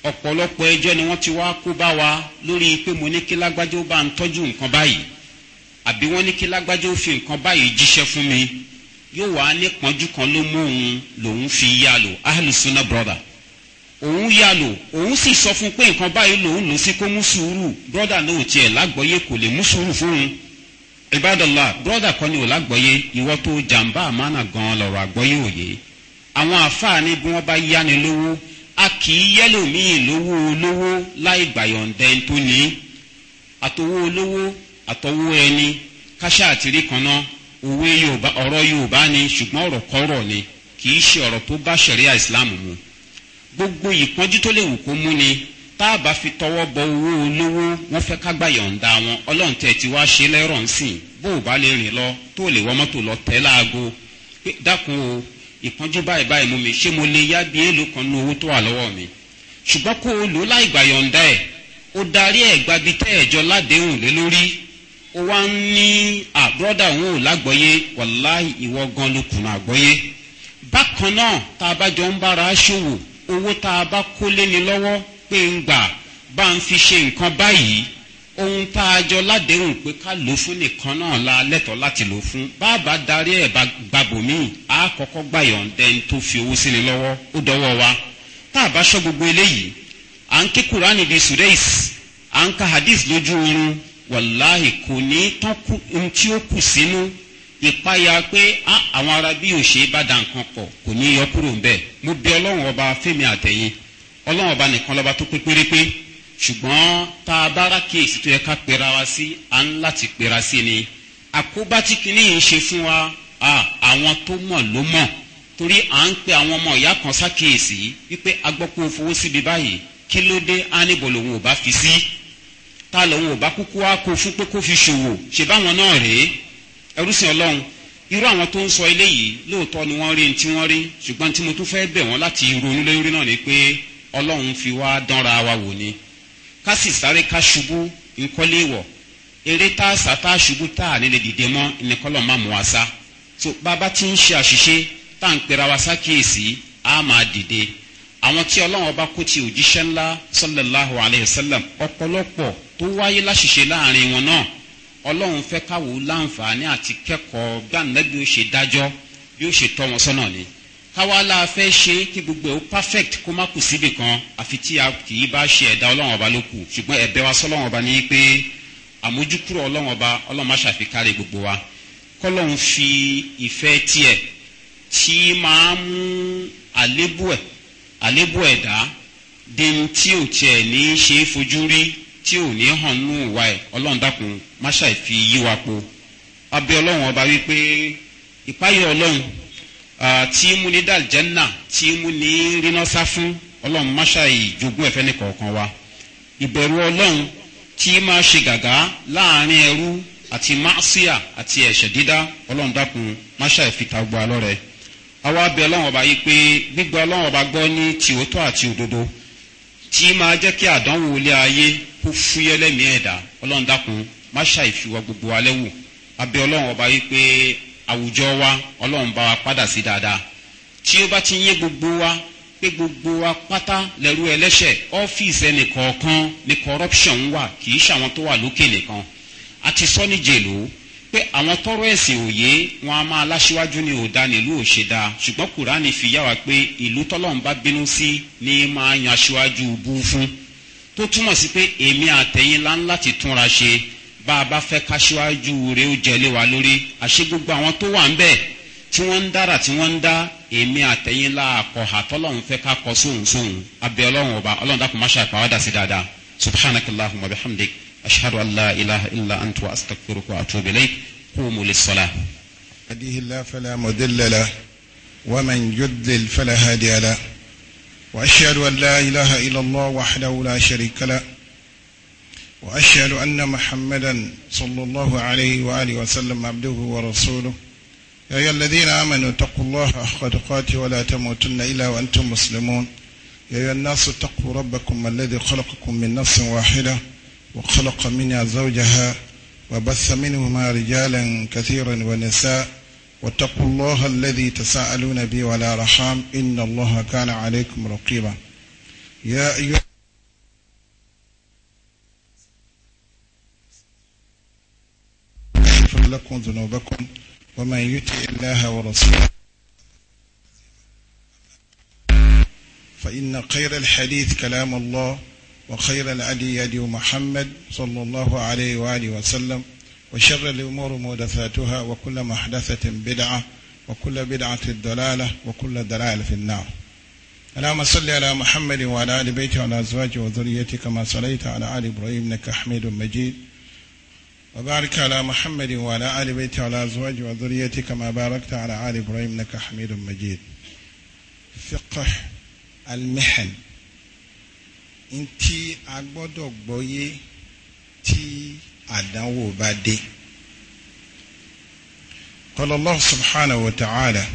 A: ọ̀pọ̀lọpọ̀ ẹjọ́ ni wọ́n ti wá kó bá wa lórí pé mo ní kí lágbájá ó bá ń tọ́jú nǹkan báyìí àbí wọ́n ní kí lágbájá ó fi nǹkan báyìí jíṣẹ́ fún mi yóò wá ní pọ́njú kan ló mú òun lòun fi yá lò ahlùsúnà brother òun yá lò òun sì sọ fún pé nǹkan báyìí lòun lò sí kó mú sùúrù brother náà tiẹ̀ lágbọ́yé kò lè mú sùúrù fóun ibadala broda kan ní o lágbọ́yé ìwọ tó jàǹbá àmánà gan lọ́rọ̀ àgbọ́yé òye àwọn àfáàní bí wọ́n bá yáni lówó a kì í yẹ́lòmíì lówó olówó láì gbàyọ̀ǹdẹ́ tó ní àtowó olówó àtọwó ẹni káṣá àtìrí kan náà òwe yorùbá ọ̀rọ̀ yorùbá ni ṣùgbọ́n ọ̀rọ̀ kọ́rọ̀ ni kì í ṣe ọ̀rọ̀ tó bá ṣẹ̀ríà ìsìláàmù mu gbogbo ìpọ́njú tó lè wù kó mú ni tá a bá fi tọwọ́ bọ owó olówó wọ́n fẹ́ ká gbà yọ̀ǹda wọn ọlọ́run tẹ̀ ti wá ṣe lẹ́rọ̀ ń sìn bó o bá lè rìn lọ tó lè wọ́ mọ́tò lọ tẹ́ láago pé dákun o ìpọ́njú báyìí báyìí mú mi ṣé mo lè yá bí èèlò kan nu owó tó wà lọ́wọ́ mi ṣùgbọ́n kó o lò láì gbà yọ̀ǹda ẹ̀ ó darí ẹ̀ gbabi tẹ́ ẹ̀jọ́ ládéhùn lé lórí ó wá ń ní àbúrọ́dà òun ò lágbọ́yé wàláì owó tá a bá kó ni lọ́wọ́ pé ń gbà bá ń fi ṣe nǹkan báyìí ohun tá a jọ ládéhùn pé ká lò fún nìkan náà la lẹ́tọ̀ọ́ láti lò fún bàbá darí ẹ̀ gbàbòmíì á kọ́kọ́ gbà yọ̀ǹdẹ́ tó fi owó síni lọ́wọ́ ó dọ́wọ́ wa tá a bá ṣọ́ gbogbo eléyìí à ń ké kúránì bíi sùdẹ́ìs à ń ka hadith lójú oorun wàláhì kò ní tán kú ohun tí ó kù sínú ìpayà pé àwọn ará bí òṣèré bá da nǹkan pọ̀ kò ní yọ kúrò ń bẹ́ẹ̀ mo bí ọlọ́run ọba fẹ́mi àtẹ̀yìn ọlọ́run ọba nìkan lọ́ba tó pé pérépé ṣùgbọ́n tá a bá rákèésí tó yẹ ká pera wa sí à ń láti pera sí ni àkóbá tí kinní yìí ń ṣe fún wa àwọn tó mọ̀ ló mọ̀ torí à ń pe àwọn ọmọ ìyá kan sákèésí wípé agbọ́pọ̀ fowó síbi báyìí kí ló dé á níbo lòun ò bá fi sí tá lòun ò bá kúkú á kó fún pé kó fi ṣòwò ṣe báwọn náà rèé ẹrúsìn ọlọ́run irú àwọn tó ń sọ eléyìí lóòótọ́ ni wọ́n rí ní tí wọ́n rí ṣùgbọ́n tí mo tún fẹ́ bẹ̀ wọ́n láti ronú lórí náà ni pé ọlọ́run fi wá dánra wa wò ni ká sì sáré ká ṣubú nkọ́lé wọ̀ eré tá a sá tá a ṣubú tá a nílẹ̀ dìde mọ́ ìnìkọ́lọ̀ má mú wa sá tó bàbá tí ń ṣe àṣìṣe tá à ń pera wa sá a máa dìde àwọn tí ọlọ́run ọba kó ti òjíṣẹ́ ńlá sallallahu alayhi sallam ọ̀pọ̀lọpọ̀ tó wáyé láṣìṣe láàrin wọn náà ọlọ́run fẹ́ káwọ́ láǹfààní àti kẹ́kọ̀ọ́ gbàǹdẹ́gbẹ́ ó ṣe dájọ́ bí ó ṣe tọ́ wọn sọ́nà ni káwá la fẹ́ ṣe kí gbogbo ẹ̀ ó perfect kó má kù síbì kan àfi tí a kì í bá ṣe ẹ̀dá ọlọ́run ọba ló kù ṣùgbọ́n ẹ̀bẹ̀ wa sọ́lọ́run ọba ní pé àmójúkúrò ọlọ́run ọba ọlọ́run má ṣàfikárẹ̀ gbogbo wa kọ́lọ́run fi ìfẹ́ tiẹ̀ tí máa mú àlébù ẹ̀ àlébù ẹ̀dá dín tí ò tiẹ̀ ní ṣe é fojú rí tí ò ní hàn nù wá ẹ̀ ọlọ́run dákun má ṣàfi yíwa po abẹ́ ọlọ́run ọba wípé ìpáyọ̀ ọlọ́run tí mú ní dàlìjẹ́nà tí mú ní rínọ́sá fún ọlọ́run máṣá ìjogún ẹ̀fẹ́ ní kọ̀ọ̀kan wa ìbẹ̀rù ọlọ́run tí máa ṣe gàgá láàrin ẹrú àti máṣíà àti ẹ̀ṣẹ̀ dídá ọlọ́run dákun máṣá ìfita gba lọ́rẹ̀ àwa bẹ ọlọ́run ọba yìí pé gbígba ọlọ́run ọba gbọ́ ní tìótọ́ àti òdodo tí máa jẹ́ kí àdánwò ilé ayé kó fúyẹ́ lẹ́mìí ẹ̀dá ọlọ́run dákun máṣá ìfiwọ́ gbogbo alẹ́ wò abẹ ọlọ́run ọba yìí pé àwùjọ wa ọlọ́run bá wa padà sí dáadáa tí ó bá ti yé gbogbo wa pé gbogbo wa pátá lẹ́rú ẹlẹ́ṣẹ̀ ọ́fíìsì ẹnìkọ̀ọ̀kan ni corruption ń wà kì í ṣàwọn tó wà lókè nìkan a ti sọ ní jèlò pé àwọn tọrọ ẹ̀sìn òye wọn a máa láṣíwájú ni ò dá nílùú ò ṣe dáa ṣùgbọ́n kùránì fi yá wa pé ìlú tọ́lọ́run bá bínú sí ni máa yan aṣíwájú bú fún tó túmọ̀ sí pé èmi àtẹ̀yìn láńlá ti túnra ṣe bá a bá fẹ́ káṣíwájú rẹ̀ ó jẹ́lé wa lórí àṣé gbogbo àwọn tó wà ń bẹ̀ tí wọ́n ń dára tí wọ́n ń dá èmi àtẹ̀yìn láàkọ́ àtọ́lọ́hún fẹ́ ká kọ́ sóhun sóhun abẹ́ ọlọ́run ọba ọlọ́run dákun má ṣàpá wá dà sí dáadáa subhanakallahu wa bihamdik ashhadu an la ilaha illa anta wa astaghfiruka wa atubu ilayk
B: qumu lis-salah. hadihi la fala mudilla la yudlil fala wa ashhadu an ilaha illa allah wahdahu وأشهد أن محمدا صلى الله عليه وآله وسلم عبده ورسوله يا أيها الذين آمنوا اتقوا الله حق تقاته ولا تموتن إلا وأنتم مسلمون يا أيها الناس اتقوا ربكم الذي خلقكم من نفس واحدة وخلق منها زوجها وبث منهما رجالا كثيرا ونساء واتقوا الله الذي تساءلون به ولا رحام إن الله كان عليكم رقيبا يا أيها لكم ذنوبكم ومن يطع الله ورسوله فإن خير الحديث كلام الله وخير العدي يد محمد صلى الله عليه وآله وسلم وشر الأمور محدثاتها وكل محدثة بدعة وكل بدعة ضلالة وكل ضلالة في النار اللهم صل على محمد وعلى آل بيته وعلى أزواجه وذريته كما صليت على آل إبراهيم إنك حميد مجيد وبارك على محمد وعلى آل بيته وعلى أزواجه وذريته كما باركت على آل إبراهيم إنك حميد مجيد فقه المحن انتي أقبضك بوي تي tí بادي قال الله سبحانه وتعالى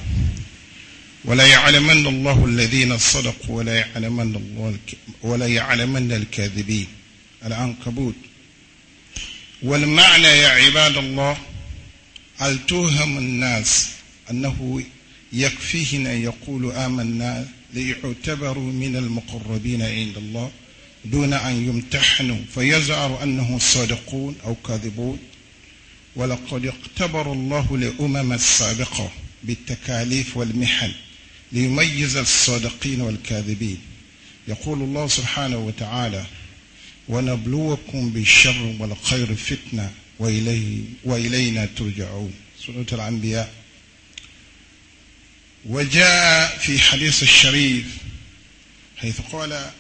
B: ولا يعلمن الله الذين صدقوا ولا يعلمن الله ولا يعلمن الكاذبين العنكبوت والمعنى يا عباد الله هل توهم الناس أنه يكفيهن يقول آمنا ليعتبروا من المقربين عند الله دون أن يمتحنوا فيزعر أنهم صادقون أو كاذبون ولقد اختبر الله لأمم السابقة بالتكاليف والمحن ليميز الصادقين والكاذبين يقول الله سبحانه وتعالى ونبلوكم بالشر والخير فتنة وإليه وإلينا ترجعون سورة الأنبياء وجاء في حديث الشريف حيث قال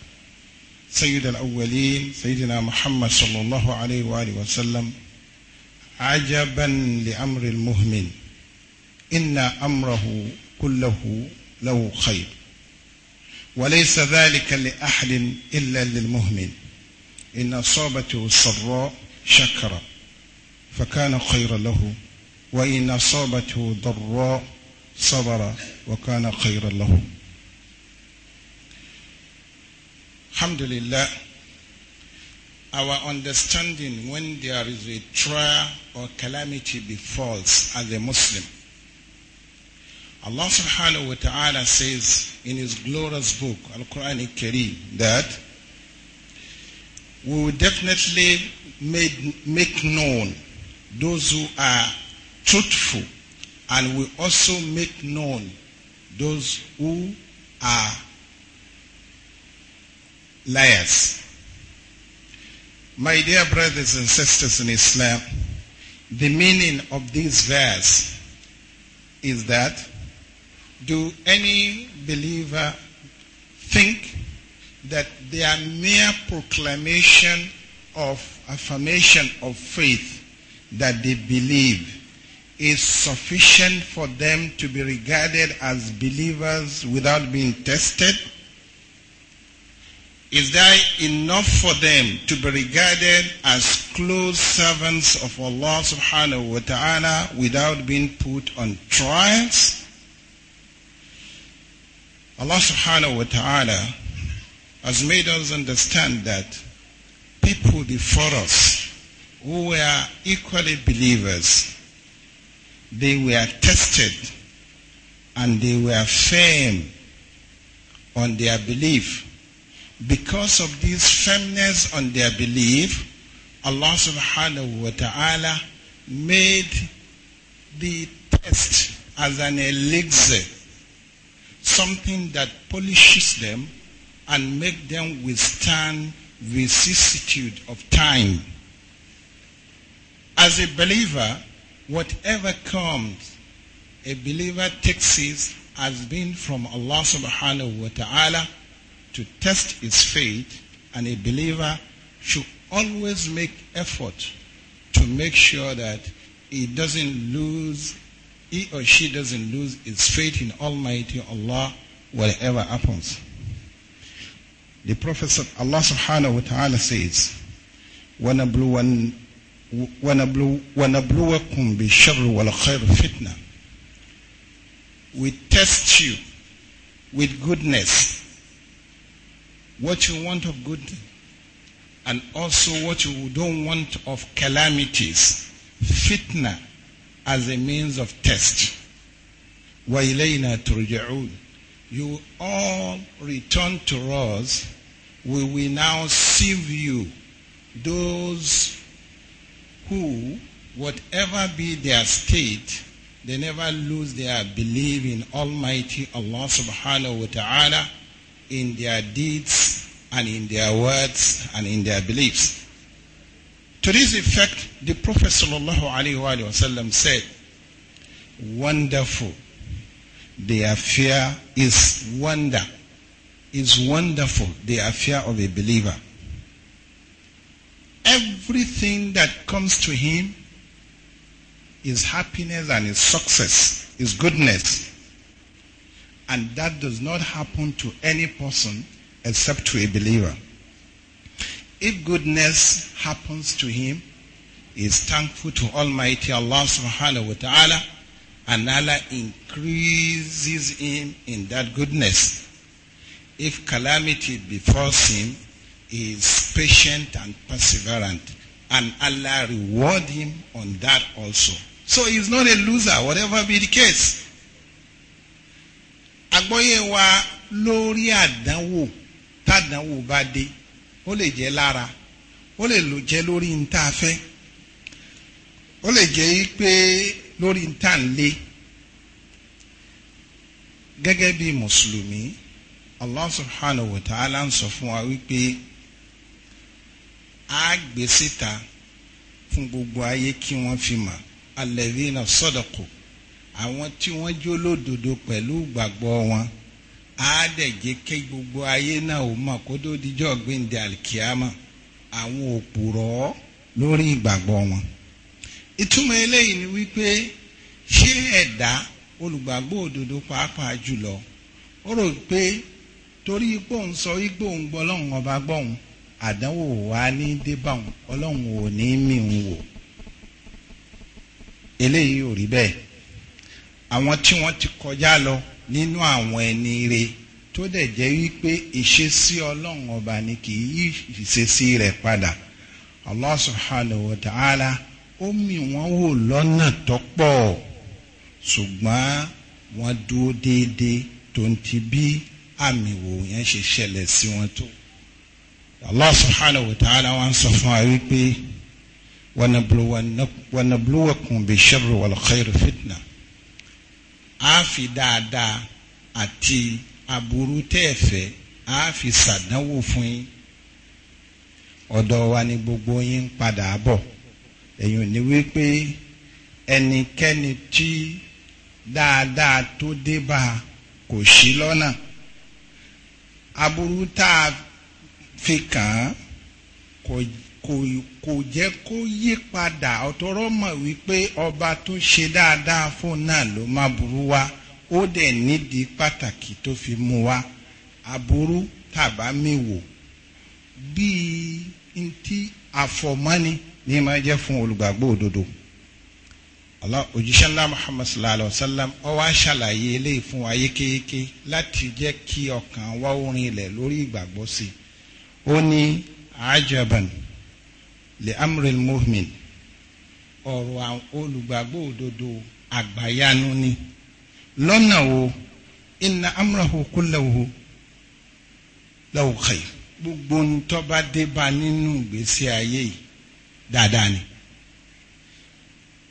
B: سيد الأولين سيدنا محمد صلى الله عليه وآله وسلم عجبا لأمر المؤمن إن أمره كله له خير وليس ذلك لأحد إلا للمؤمن إن أصابته سراء شكر فكان خيرا له وإن أصابته ضراء صبر وكان خيرا له الحمد لله our understanding when there is a trial or calamity befalls as a Muslim. Allah subhanahu wa ta'ala says in his glorious book, Al-Quran al-Kareem, that we will definitely made, make known those who are truthful and we also make known those who are liars. My dear brothers and sisters in Islam, the meaning of this verse is that do any believer think that their mere proclamation of affirmation of faith that they believe is sufficient for them to be regarded as believers without being tested? Is there enough for them to be regarded as close servants of Allah subhanahu wa ta'ala without being put on trials? Allah subhanahu wa ta'ala has made us understand that people before us who were equally believers, they were tested and they were firm on their belief. Because of this firmness on their belief, Allah subhanahu wa ta'ala made the test as an elixir, something that polishes them and make them withstand vicissitude of time. As a believer, whatever comes, a believer takes it as being from Allah subhanahu wa ta'ala to test his faith and a believer should always make effort to make sure that he doesn't lose, he or she doesn't lose his faith in Almighty Allah whatever happens. The Prophet Allah subhanahu wa ta'ala says, وَنَبْلُوَكُمْ وَالْخَيْرِ We test you with goodness, what you want of good, and also what you don't want of calamities, fitna as a means of test. وَإِلَيْنَا تُرْجَعُونَ You all return to us we will now sieve you, those who, whatever be their state, they never lose their belief in Almighty Allah subhanahu wa ta'ala in their deeds and in their words and in their beliefs. To this effect, the Prophet sallallahu alaihi wasallam said, Wonderful. Their fear is wonder is wonderful, the affair of a believer. Everything that comes to him is happiness and is success, is goodness. And that does not happen to any person except to a believer. If goodness happens to him, he is thankful to Almighty Allah subhanahu wa ta'ala and Allah increases him in that goodness. if calamity befalls him, he is patient and perseverant. And Allah reward him on that also. So he is not a loser, whatever be the case. Agboyewa wa lórí àdánwò tádánwò bá dé, ó lè jẹ́ lára, ó lè jẹ́ lórí níta fẹ́, ó lè jẹ́ pé lórí níta ń lé. Gẹ́gẹ́ bí Mùsùlùmí allah subhanahu wa ta'ala ń sọ fún wa wípé a gbé síta fún gbogbo ayé kí wọ́n fi mọ̀ alladhina sadaqu àwọn tí wọ́n jó lódodo pẹ̀lú ìgbàgbọ́ wọn á dẹ̀ jẹ́ kí gbogbo ayé náà ó mọ̀ kó tó dijọ́ gbẹ̀ǹdẹ̀ alikiyama àwọn òpùrọ̀ lórí ìgbàgbọ́ wọn. ìtumọ̀ eléyìí ni wípé ṣé ẹ̀dá olùgbàgbọ́ òdodo pàápàá jùlọ ó rò pé torí ipò ń sọ igbó ń gbọ́ ọlọ́run ọba gbọ́hùn àdánwò wa ní débàhùn ọlọ́run ò ní mì ń wò eléyìí ò rí bẹ́ẹ̀ àwọn tí wọ́n ti kọjá lọ nínú àwọn ẹni re tó dẹ̀ jẹ́ wípé ìṣesí ọlọ́run ọba ni kì í ìṣesí rẹ̀ padà Allah subhanahu wa ta'ala ó mì wọ́n wò lọ́nà tó pọ̀ ṣùgbọ́n wọ́n dúró déédéé tó ń ti bí àmì wò yẹn ṣe ṣẹlẹ̀ sí wọn tó Allah subhanahu wa ta'ala wa ń sọ fún wa wípé wa nabluwakum bi sharri wal khayri fitna a fi dáadáa àti aburú tẹ́ẹ̀fẹ́ a fi ṣàdánwò fún yín ọ̀dọ̀ wa ni gbogbo yín padà bọ̀ èyí ni wípé ẹnikẹ́ni tí dáadáa tó dé kò sí lọ́nà aburú tá a fi kàn án kò kò kò jẹ́ kó yí padà ọ̀tọ̀rọ̀ mọ̀ wípé ọba tó ṣe dáadáa fún náà ló má burú wá ó dẹ̀ nídìí pàtàkì tó fi mú wá aburú tàbá mi wò bíi ntí àfọ̀mọ́ni ní máa jẹ́ fún olùgbàgbọ́ òdodo. Allah òjíṣẹ́ ńlá Muhammad sallallahu alayhi wa sallam ó wá ṣàlàyé eléyìí fún wa yékéyéké láti jẹ́ kí ọkàn wa orin ilẹ̀ lórí ìgbàgbọ́ sí i ó ní ajaban li amril mu'min ọ̀rọ̀ àwọn olùgbàgbọ́ òdodo àgbàyanu ni lọ́nà wo inna amrahu kullahu lahu khayr gbogbo ntọ́ba dé ba nínú ìgbésí ayé yìí dáadáa ni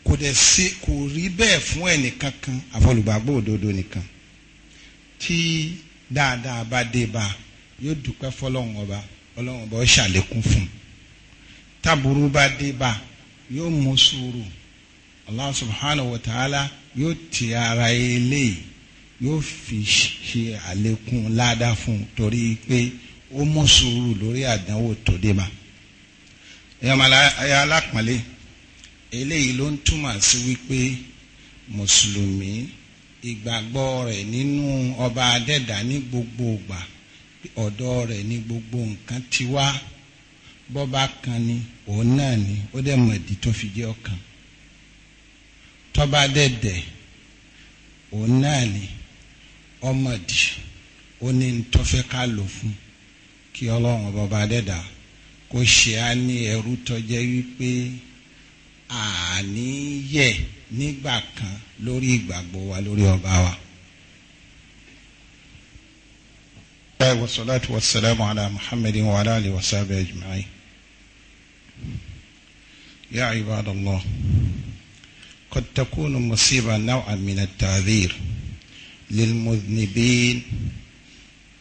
B: kò dẹ̀ sí kò rí bẹ́ẹ̀ fún ẹnìkan kan àfọlùgbàgbọ́ òdodo nìkan tí dáadáa bá dé bá yóò dúpẹ́ fọlọ́run ọba ọlọ́run ọba ó ṣàlékún fún un bá dé bá yóò mú sùúrù Allah subhanahu wa ta'ala yóò ti ara eléyìí yóò fi ṣe àlékún ládàá fún un torí pé ó mú sùúrù lórí àdánwò tó dé bá. ẹ̀yàmàlà ẹ̀yà alápọ̀nlé eléyìí ló ń túmọ̀ sí wípé mùsùlùmí ìgbàgbọ́ rẹ̀ nínú ọba adẹ́dà ní gbogbo ìgbà ọ̀dọ̀ rẹ̀ ní gbogbo nǹkan ti wá bọ́ba kan ni òun náà ni ó dẹ̀ mọ̀ ìdí tó fi jẹ́ ọkàn tọ́ba dẹ̀dẹ̀ òun náà ni ọmọdì ó ní tọ́fẹ́ ká lò fún kí ọlọ́run bọ́ba dẹ̀dà kó ṣe á ní ẹrú tó wípé àní yẹ̀ nígbà kan lórí ìgbàgbọ́ wa lórí ọba wa. الله والصلاة والسلام على محمد وعلى آله وصحبه أجمعين يا عباد الله قد تكون مصيبة نوعا من التعذير للمذنبين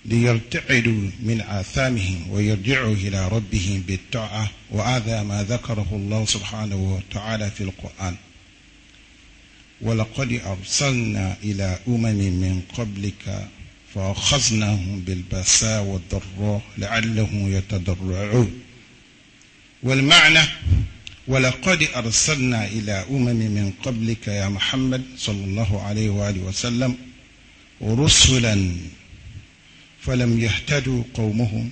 B: ليرتعدوا من آثامهم ويرجعوا إلى ربهم بالطاعة وهذا ما ذكره الله سبحانه وتعالى في القرآن ولقد أرسلنا إلى أمم من قبلك فأخذناهم بالبأساء والضراء لعلهم يتضرعون والمعنى ولقد أرسلنا إلى أمم من قبلك يا محمد صلى الله عليه وآله وسلم رسلا فلم يهتدوا قومهم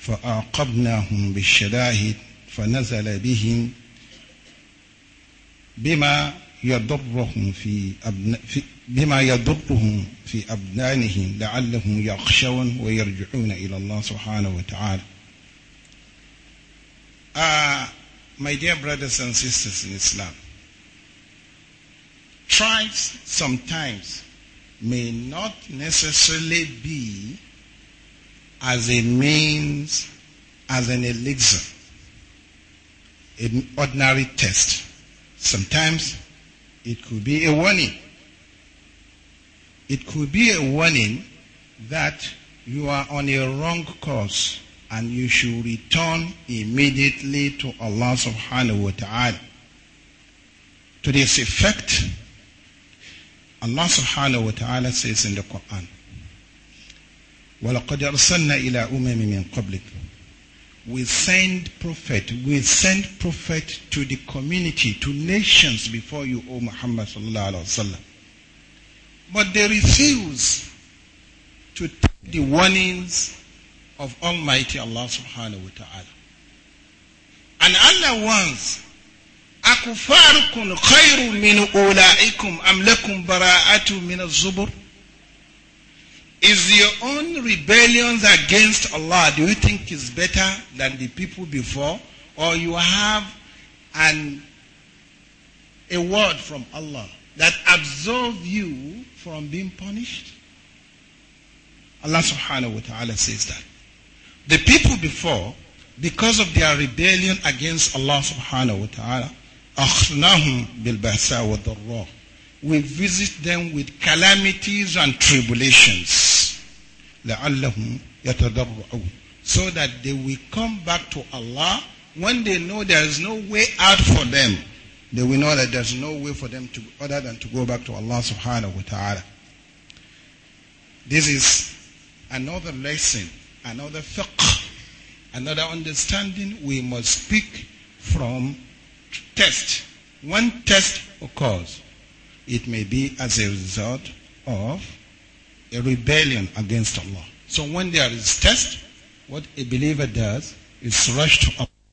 B: فأعقبناهم بالشدائد فنزل بهم بما يضرهم في, أبن في بما يضرهم في أبدانهم لعلهم يخشون ويرجعون إلى الله سبحانه وتعالى. Uh, my dear brothers and sisters in Islam, tribes sometimes may not necessarily be as a means, as an elixir, an ordinary test. Sometimes it could be a warning. It could be a warning that you are on a wrong course and you should return immediately to Allah subhanahu wa ta'ala. To this effect, Allah subhanahu wa ta'ala says in the Quran, وَلَقَدْ أَرْسَلْنَا إِلَىٰ أُمَمٍ مِّن قَبْلِكَ We send prophet, we send prophet to the community, to nations before you, O Muhammad sallallahu alayhi wa sallam. But they refuse to take the warnings of Almighty Allah subhanahu wa ta'ala. And Allah wants akufarukum khairu min ulaikum amlakum bara'atu min az-zubur is your own rebellions against Allah do you think is better than the people before or you have an a word from Allah that absolve you from being punished Allah subhanahu wa ta'ala says that the people before because of their rebellion against Allah subhanahu wa ta'ala أخناهم بالبأساء والضراء We visit them with calamities and tribulations لعلهم يتضرعون so that they will come back to Allah when they know there is no way out for them they will know that there's no way for them to other than to go back to Allah subhanahu wa ta'ala this is another lesson another fiqh another understanding we must speak from test, when test occurs, it may be as a result of a rebellion against Allah. So when there is test, what a believer does is rush to Allah.